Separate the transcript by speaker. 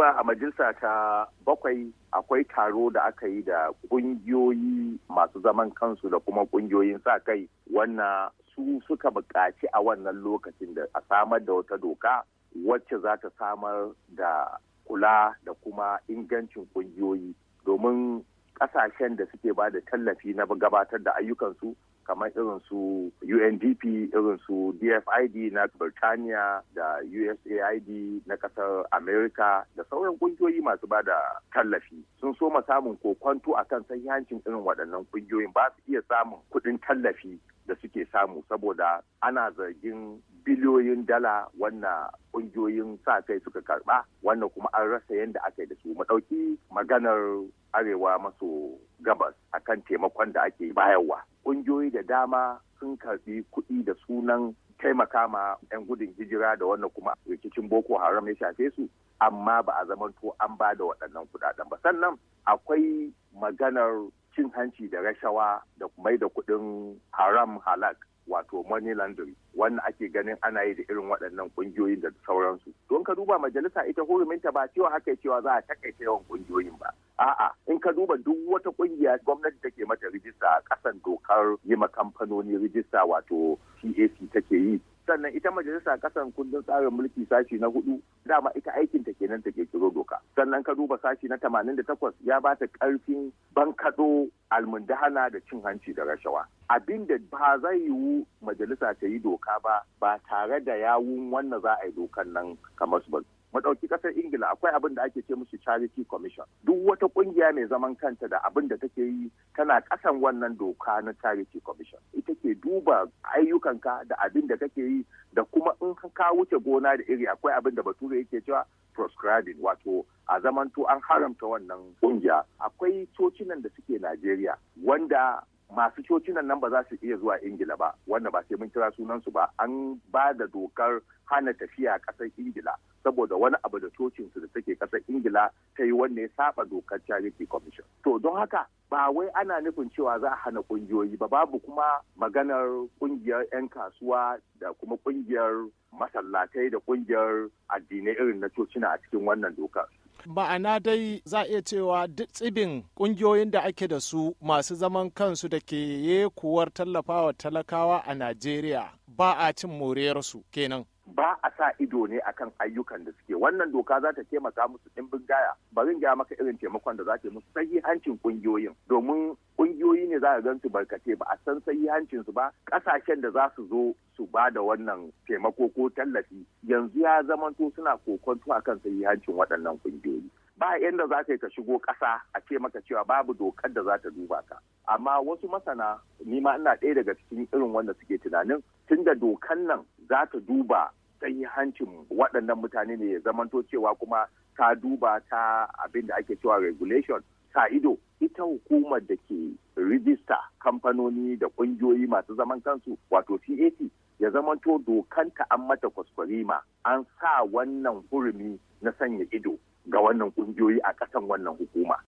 Speaker 1: duba a majalisa ta bakwai akwai taro da aka yi da ƙungiyoyi masu zaman kansu da kuma ƙungiyoyin sa kai wannan su suka buƙaci a wannan lokacin da a samar da wata doka wacce za ta samar da kula da kuma ingancin ƙungiyoyi domin ƙasashen da suke ba da tallafi na gabatar da ayyukansu kamar irin su UNDP irin su DFID na Birtaniya da USAID na kasar Amerika da sauran kungiyoyi masu ba da tallafi sun so ma samun kokwanto akan sahihancin irin waɗannan kungiyoyin ba su iya samun kuɗin tallafi da suke samu saboda ana zargin biliyoyin dala wannan kungiyoyin sa kai suka karba wannan kuma an rasa yadda aka yi da su mu ɗauki maganar arewa maso gabas akan taimakon da ake bayarwa ƙungiyoyi da dama sun karɓi kuɗi da sunan taimaka ma 'yan gudun hijira da wannan kuma rikicin boko haram ya shafe su amma ba a zamanto an ba da waɗannan kuɗaɗen ba sannan akwai maganar cin hanci da rashawa da mai da kuɗin haram halak wato money laundering wannan ake ganin ana yi da irin waɗannan ƙungiyoyin da sauransu don ka duba majalisa ita huruminta ba cewa haka cewa za a takaita yawan ƙungiyoyin ba A'a, in ka duba duk wata kungiya gwamnati take mata rijista a kasan dokar yi ma kamfanoni rijista wato PAC take yi. Sannan ita majalisa ƙasan kundin tsarin mulki sashi na hudu dama ita aikin ta kenan take kiro doka. Sannan ka duba sashi na tamanin da takwas ya ba ta ƙarfin bankaɗo almundahana da cin hanci da rashawa. Abin da ba zai yiwu majalisa ta yi doka ba ba tare da yawun wannan za a yi dokan nan kamar su ba. maɗauki kasar ƙasar ingila akwai abin da ake ce musu charity commission duk wata ƙungiya mai zaman kanta da abin da take yi tana kasan wannan doka na charity commission ita ke duba ayyukanka da abin da kake yi da kuma in ka wuce gona da iri akwai abin da bature yake cewa proscribing wato a zamanto an haramta wannan kungiya akwai cocinan da suke Najeriya wanda masu cocinan nan ba za su iya zuwa ingila ba wanda ba sai mun kira sunansu ba an ba da dokar hana tafiya ƙasar ingila saboda wani abu da cocinsu da take ƙasar ingila ta yi wanne ya saba dokar charity commission to don haka ba wai ana nufin cewa za a hana ƙungiyoyi ba babu kuma maganar ƙungiyar 'yan kasuwa da kuma ƙungiyar masallatai da ƙungiyar addinai irin na cocina a cikin wannan dokar ma'ana dai za iya cewa duk tsibin ƙungiyoyin da ake da su masu zaman kansu da ke yekuwar tallafawa talakawa a najeriya ba a cin moriyarsu kenan. ba a sa ido ne akan ayyukan da suke wannan doka za ta taimaka musu bin gaya ba zan gaya maka irin taimakon da za ta musu sahihancin ƙungiyoyin domin ƙungiyoyi ne za ka gan su barkace ba a san sahihancin su ba ƙasashen da za su zo su ba da wannan taimako ko tallafi yanzu ya zamanto suna kokonto akan sahihancin waɗannan ƙungiyoyi ba yadda za ka yi ka shigo ƙasa a ce maka cewa babu dokar da za ta duba ka amma wasu masana ni ma ina ɗaya daga cikin irin wanda suke tunanin tun da dokan nan za ta duba hancin waɗannan mutane ne ya zamanto cewa kuma ta duba ta abin da ake cewa regulation ta ido ita hukumar da ke rijista kamfanoni da ƙungiyoyi masu zaman kansu wato CAC ya zamanto dokanta an mata kwaskwarima an sa wannan hurumi na sanya ido ga wannan kungiyoyi a ƙasan wannan hukuma